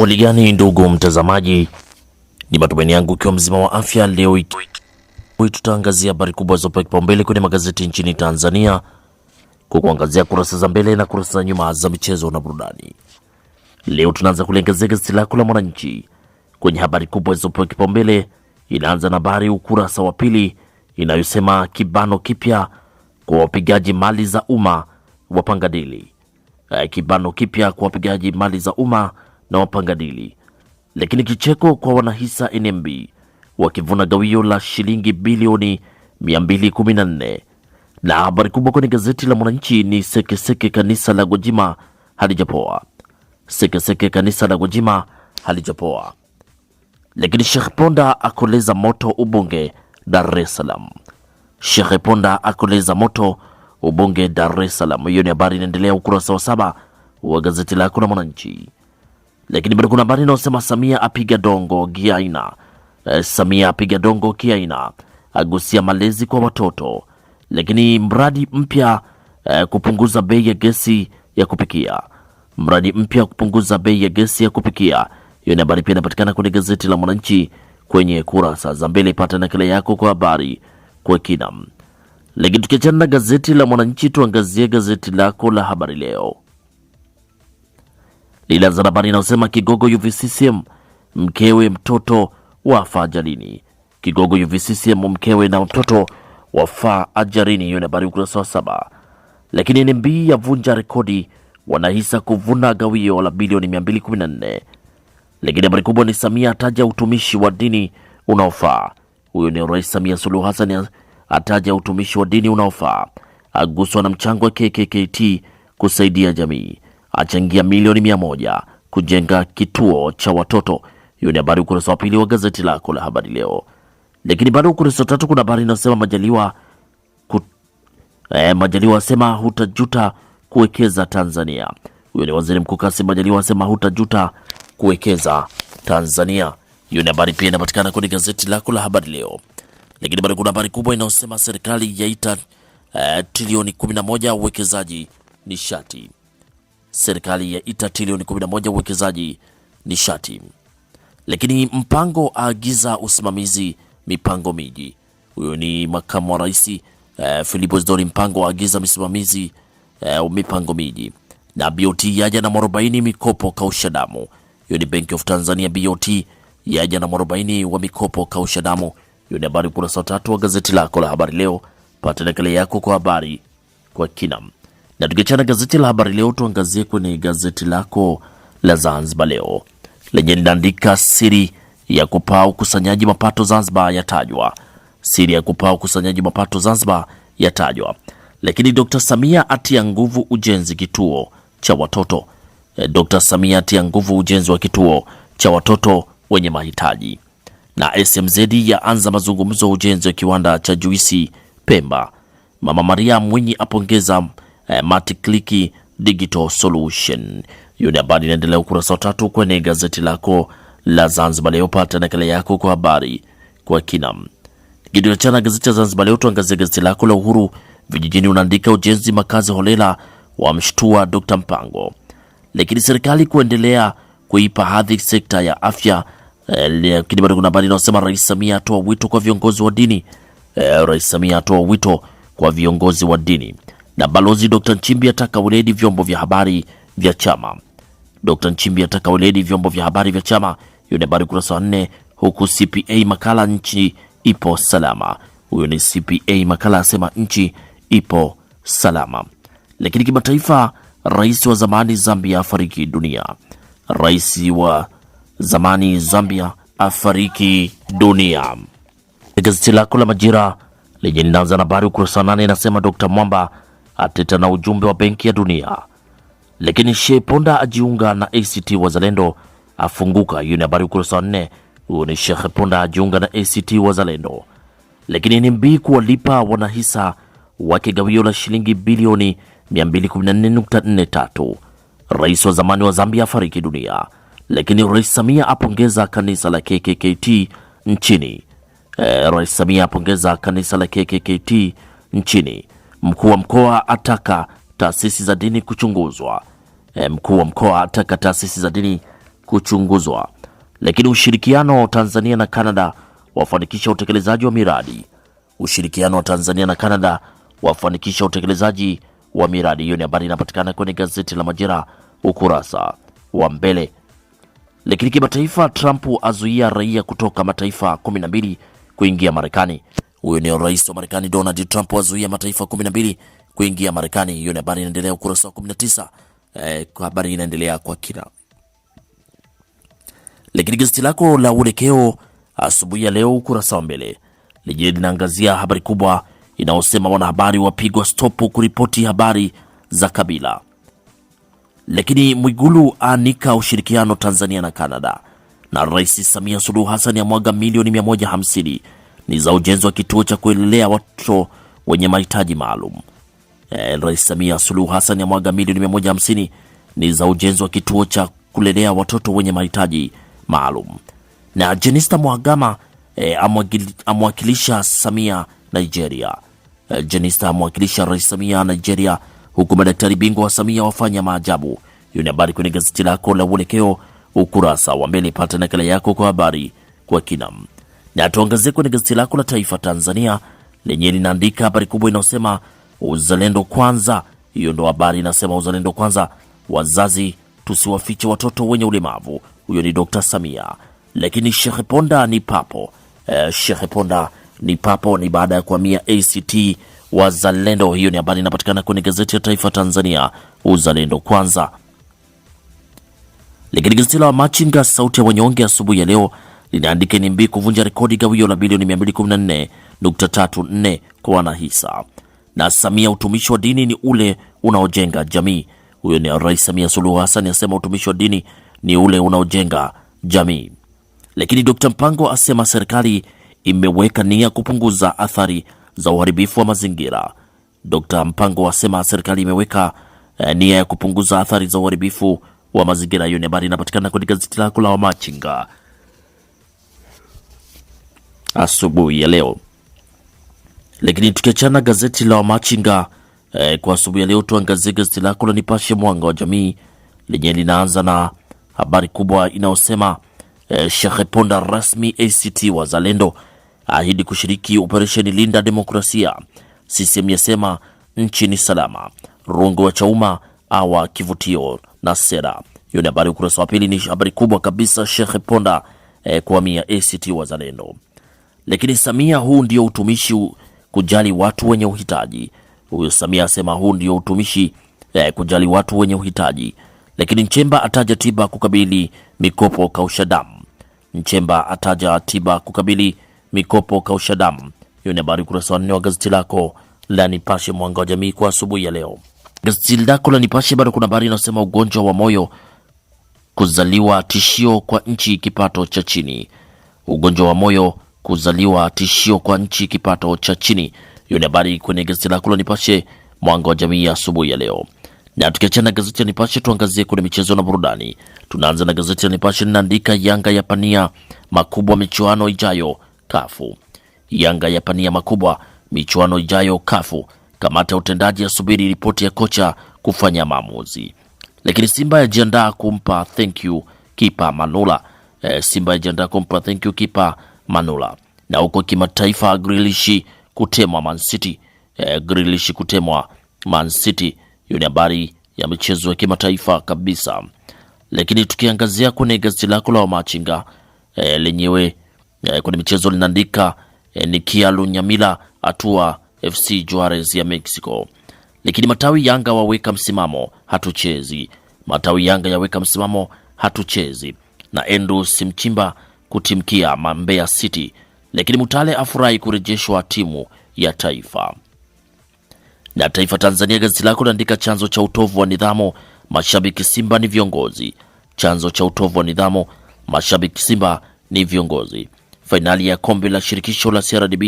oligani ndugu mtazamaji, ni matumaini yangu ukiwa mzima wa afya. Leo tutaangazia habari kubwa zopewa kipaumbele kwenye magazeti nchini Tanzania kwa kuangazia kurasa za mbele na kurasa za nyuma za michezo na burudani. Leo tunaanza kuliangazia gazeti lako la Mwananchi kwenye habari kubwa zopewa kipaumbele. Inaanza na habari ukurasa wa pili inayosema kibano kipya kwa wapigaji mali za umma wapanga dili. Eh, kibano kipya kwa wapigaji mali za umma na wapanga dili, lakini kicheko kwa wanahisa NMB wakivuna gawio la shilingi bilioni 214. Na habari kubwa kwenye gazeti la Mwananchi ni sekeseke seke kanisa la Gwajima halijapoa, sekeseke kanisa la Gwajima halijapoa. Lakini Sheikh Ponda akoleza moto ubunge Dar es Salaam. Sheikh Ponda akoleza moto ubunge Dar es Salaam. Hiyo ni habari inaendelea ukurasa wa saba wa gazeti lako la Mwananchi. Lakini bado kuna habari inayosema Samia apiga dongo Giaina. E, eh, Samia apiga dongo Giaina, agusia malezi kwa watoto. Lakini mradi mpya e, kupunguza bei ya gesi ya kupikia, mradi mpya kupunguza bei ya gesi ya kupikia. Hiyo ni habari pia inapatikana kwenye gazeti la Mwananchi kwenye kurasa za mbele. ipata nakala yako kwa habari kwa kina. Lakini tukiachana na gazeti la Mwananchi, tuangazie gazeti lako la Habari Leo. Lilianza habari inayosema kigogo UVCCM mkewe mtoto wafa ajalini. Kigogo UVCCM mkewe na mtoto wafa ajalini, hiyo ni habari ukurasa wa saba. Lakini NMB yavunja rekodi, wanahisa kuvuna gawio la bilioni 214. Lakini habari kubwa ni Samia ataja utumishi wa dini unaofaa. Huyo ni Rais Samia Suluhu Hassan ataja utumishi wa dini unaofaa, aguswa na mchango wa KKKT kusaidia jamii achangia milioni mia moja kujenga kituo cha watoto. Hiyo ni habari ukurasa wa pili wa gazeti lako la habari leo, lakini bado ukurasa wa tatu kuna habari inayosema Majaliwa kut... e, eh, Majaliwa asema hutajuta kuwekeza Tanzania. Huyo ni waziri mkuu Kassim Majaliwa asema hutajuta kuwekeza Tanzania. Hiyo ni habari pia inapatikana kwenye gazeti lako la habari leo, lakini bado kuna habari kubwa inayosema serikali yaita e, trilioni 11 uwekezaji nishati serikali ya yaita trilioni 11 uwekezaji nishati. Lakini Mpango aagiza usimamizi mipango miji. Huyo ni makamu wa rais eh, Philip Isdor Mpango aagiza msimamizi eh, mipango miji. Na BOT yaja na mwarobaini mikopo kausha damu. Hiyo ni Bank of Tanzania BOT yaja na mwarobaini wa mikopo kausha damu. Hiyo ni habari ukurasa wa tatu wa gazeti lako la habari leo. Pata nakala yako kwa habari kwa kinam. Na tukiachana gazeti la habari leo, tuangazie kwenye gazeti lako la Zanzibar Leo lenye linaandika siri ya kupaa ukusanyaji mapato Zanzibar yatajwa, siri ya kupaa ukusanyaji mapato Zanzibar yatajwa. Lakini Dr. Samia atia nguvu ujenzi kituo cha watoto eh, Dr. Samia atia nguvu ujenzi wa kituo cha watoto wenye mahitaji, na SMZ yaanza mazungumzo ujenzi wa kiwanda cha juisi Pemba. Mama Maria Mwinyi apongeza eh, Matikliki Digital Solution. Hiyo ni habari inaendelea ukurasa wa tatu kwenye gazeti lako la Zanzibar Leo. Pata nakala yako kwa habari kwa kina. chana gazeti la Zanzibar Leo, tuangazie gazeti lako la Uhuru vijijini, unaandika ujenzi makazi holela wa mshtua Dr. Mpango, lakini serikali kuendelea kuipa hadhi sekta ya afya. Eh, lakini bado kuna habari inayosema Rais Samia atoa wito kwa viongozi wa dini. Eh, Rais Samia atoa wito kwa viongozi wa dini na Balozi Dr. Nchimbi ataka weledi vyombo vya habari vya chama. Dr. Nchimbi ataka weledi vyombo vya habari vya chama, hiyo ni habari kurasa wa nne, huku CPA Makala nchi ipo salama. Huyo ni CPA Makala asema nchi ipo salama. Lakini kimataifa, rais wa zamani Zambia afariki dunia. Rais wa zamani Zambia afariki dunia. Gazeti lako la Majira lenye linaanza na habari ukurasa wa nane inasema Dr. Mwamba Ateta na ujumbe wa Benki ya Dunia. Lakini Sheponda Ponda ajiunga na ACT Wazalendo afunguka. Hiyo ni habari ukurasa wa nne. Huyo ni Sheikh Ponda ajiunga na ACT Wazalendo. Lakini ni mbii kuwalipa wanahisa wake gawio la shilingi bilioni 214.43. Rais wa zamani wa Zambia afariki dunia. Lakini Rais Samia apongeza kanisa la KKKT nchini. E, Rais Samia apongeza kanisa la KKKT nchini. Mkuu wa mkoa ataka taasisi za dini kuchunguzwa. E, mkuu wa mkoa ataka taasisi za dini kuchunguzwa. Lakini ushirikiano wa Tanzania na Canada wafanikisha utekelezaji wa miradi. Ushirikiano wa Tanzania na Canada wafanikisha utekelezaji wa miradi. Hiyo ni habari inapatikana kwenye gazeti la Majira ukurasa wa mbele. Lakini kimataifa, Trump azuia raia kutoka mataifa 12 kuingia Marekani. Huyo ni rais wa Marekani Donald Trump wazuia mataifa 12 kuingia Marekani. Hiyo ni habari inaendelea ukurasa wa 19. Eh, habari inaendelea kwa kina. Lakini gazeti lako la uelekeo asubuhi ya leo ukurasa wa mbele lije linaangazia habari kubwa inaosema wanahabari wapigwa stopu kuripoti habari za Kabila. Lakini Mwigulu aanika ushirikiano Tanzania na Canada, na Rais Samia Suluhu Hassan amwaga milioni 150 ni za ujenzi wa kituo cha kuelelea watoto wenye mahitaji maalum. E, Rais Samia Suluhu Hassan ya mwaga milioni 150 ni za ujenzi wa kituo cha kulelea watoto wenye mahitaji maalum. Na Jenista Mwagama e, amwakilisha Samia Nigeria. E, Jenista amwakilisha Rais Samia Nigeria, huku madaktari bingwa wa Samia wafanya maajabu. Hiyo ni habari kwenye gazeti lako la Uelekeo ukurasa wa mbele. Pata nakala yako kwa habari kwa kinam na tuangazie kwenye gazeti lako la Taifa Tanzania lenye linaandika habari kubwa inayosema uzalendo kwanza. Hiyo ndo habari inasema uzalendo kwanza, wazazi tusiwafiche watoto wenye ulemavu. Huyo ni Dr. Samia, lakini Sheikh Ponda ni papo. E, Sheikh Ponda ni papo ni baada ya kuhamia ACT Wazalendo. Hiyo ni habari inapatikana kwenye gazeti ya Taifa Tanzania, uzalendo kwanza. Lakini gazeti la Machinga, sauti ya wanyonge, asubuhi ya leo linaandika mbi kuvunja rekodi gawio la bilioni 214.34 kwa wanahisa, na Samia, utumishi wa dini ni ule unaojenga jamii. Huyo ni Rais Samia Suluhu Hassan asema utumishi wa dini ni ule unaojenga jamii. Lakini Dr. Mpango asema serikali imeweka nia kupunguza athari za uharibifu wa mazingira. Dr. Mpango asema serikali imeweka eh, nia ya kupunguza athari za uharibifu wa mazingira. Hiyo ni habari inapatikana kwenye gazeti lako la Wamachinga asubuhi ya leo. Lakini tukiachana gazeti la Wamachinga eh, kwa asubuhi ya leo, tuangazie gazeti lako la Nipashe Mwanga wa Jamii lenye linaanza na habari kubwa inayosema eh, Sheikh Ponda rasmi ACT Wazalendo ahidi kushiriki operesheni Linda Demokrasia. CCM yasema nchi ni salama. Rungu wa Chauma awa kivutio na sera. Hiyo ni habari ukurasa wa pili, ni habari kubwa kabisa. Sheikh Ponda eh, kuhamia ACT Wazalendo. Lakini Samia, huu ndio utumishi, kujali watu wenye uhitaji. Huyo Samia asema huu ndio utumishi eh, kujali watu wenye uhitaji. Lakini Nchemba ataja tiba kukabili mikopo kausha damu. Nchemba ataja tiba kukabili mikopo kausha damu. Hiyo ni habari ukurasa wa nne wa gazeti lako la Nipashe Mwanga wa Jamii kwa asubuhi ya leo. Gazeti lako la Nipashe bado kuna habari inasema ugonjwa wa moyo kuzaliwa tishio kwa nchi kipato cha chini. Ugonjwa wa moyo kuzaliwa tishio kwa nchi kipato cha chini. Hiyo ni habari kwenye gazeti lako la Nipashe mwanga wa jamii ya asubuhi ya leo. Na tukiachana gazeti ya Nipashe, tuangazie kwenye michezo na burudani. Tunaanza na gazeti la Nipashe linaandika Yanga ya pania makubwa michuano ijayo kafu. Yanga ya pania makubwa michuano ijayo kafu. Kamati ya utendaji yasubiri ripoti ya kocha kufanya maamuzi. Lakini Simba yajiandaa kumpa thank you kipa Manula. E, eh, Simba yajiandaa kumpa thank you kipa Manula. Na huko kimataifa, Grilishi kutemwa Man City. E, Grilishi kutemwa Man City. Hiyo ni habari ya michezo ya kimataifa kabisa, lakini tukiangazia kwenye gazeti lako la Machinga e, eh, lenyewe e, kwenye michezo linaandika e, Nikia Lunyamila atua FC Juarez ya Mexico. Lakini matawi Yanga waweka msimamo, hatuchezi. Matawi Yanga yaweka msimamo, hatuchezi. Na Endo Simchimba kutimkia Mbeya City, lakini Mutale afurahi kurejeshwa timu ya taifa. Na Taifa Tanzania gazeti lako linaandika chanzo cha utovu wa nidhamu, mashabiki Simba ni viongozi. Chanzo cha utovu wa nidhamu, mashabiki Simba ni viongozi. Fainali ya kombe la shirikisho la CRDB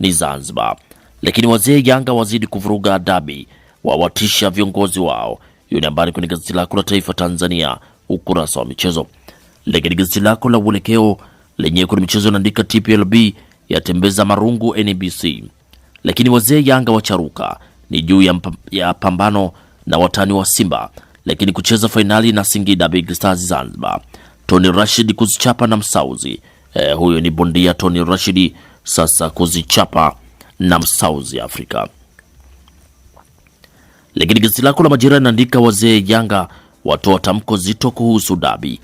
ni Zanzibar, lakini wazee Yanga wazidi kuvuruga dabi, wawatisha viongozi wao. Hiyo ni habari kwenye gazeti lako la Taifa Tanzania, ukurasa wa michezo. Lakini gazeti lako la uelekeo lenye kuna michezo inaandika TPLB yatembeza marungu NBC, lakini wazee Yanga wacharuka ni juu ya, ya pambano na watani wa Simba, lakini kucheza fainali na Singida Big Stars Zanzibar. Tony Rashid kuzichapa na Msauzi. Eh, huyo ni bondia Tony Rashid sasa kuzichapa na Msauzi Afrika. Lakini gazeti lako la Majira inaandika wazee Yanga watoa tamko zito kuhusu dabi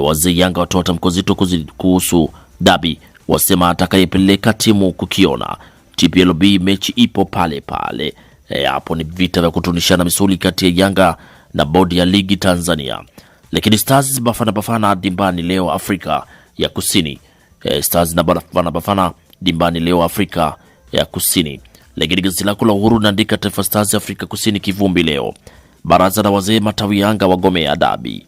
Wazee Yanga watoa tamko zito kuhusu dabi, wasema atakayepeleka timu kukiona. TPLB mechi ipo pale pale. E, hapo e, ni vita vya kutunishana misuli kati ya Yanga na bodi ya ligi Tanzania. Lakini Stars Bafana Bafana dimbani leo Afrika ya Kusini. E, Stars na Bafana Bafana dimbani leo Afrika ya Kusini. Lakini gazeti lako la Uhuru naandika Taifa Stars Afrika Kusini kivumbi leo. Baraza la wazee matawi Yanga wagomea dabi.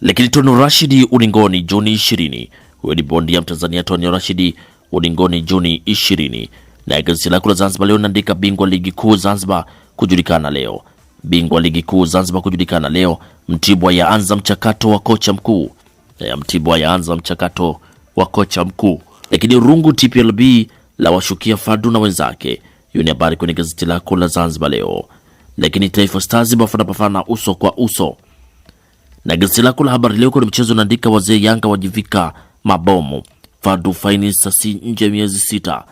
Lakini Tony Rashid ulingoni Juni 20. Huyo ni bondi ya Mtanzania Tony Rashid ulingoni Juni 20. Na gazeti lako la Zanzibar leo naandika bingwa ligi kuu Zanzibar kujulikana leo. Bingwa ligi kuu Zanzibar kujulikana leo. Mtibwa yaanza mchakato wa kocha mkuu. Ya Mtibwa yaanza mchakato wa kocha mkuu. Lakini rungu TPLB la washukia Fadu na wenzake. Hiyo ni habari kwenye gazeti lako la Zanzibar leo. Lakini Taifa Stars bafana bafana uso kwa uso. Na gazeti lako la habari leo kwenye michezo naandika wazee Yanga wajivika mabomu, Fadu faini sasi nje miezi sita,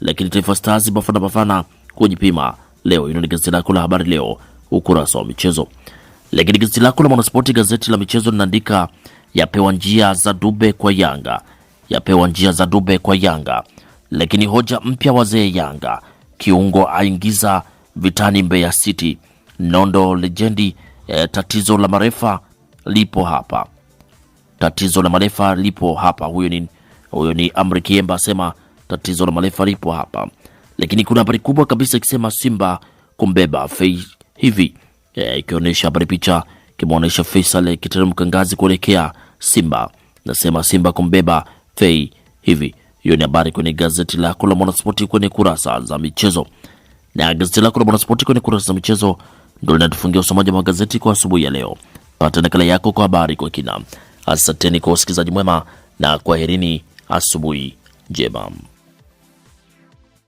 lakini Taifa Stars Bafana Bafana kujipima leo. Hilo ni gazeti lako la habari leo ukurasa wa michezo. Lakini gazeti lako la Mwanaspoti, gazeti la michezo linaandika yapewa njia za dube kwa Yanga, yapewa njia za dube kwa Yanga. Lakini hoja mpya wazee Yanga, kiungo aingiza vitani Mbeya City, nondo legendi, eh, tatizo la marefa lipo hapa, tatizo la marefa lipo hapa. Huyo ni, huyo ni Amri Kiemba asema tatizo la marefa lipo hapa, lakini kuna habari kubwa kabisa ikisema Simba kumbeba Fei hivi e, ikionyesha habari picha kimwonyesha Faisal kiteremka ngazi kuelekea Simba, nasema Simba kumbeba Fei hivi. Hiyo ni habari kwenye gazeti lako la Mwanaspoti kwenye kurasa za michezo, na gazeti lako la Mwanaspoti kwenye kurasa za michezo ndio linatufungia usomaji wa magazeti kwa asubuhi ya leo pata nakala yako kwa habari kwa kina. Asanteni kwa usikilizaji mwema na kwaherini, asubuhi njema.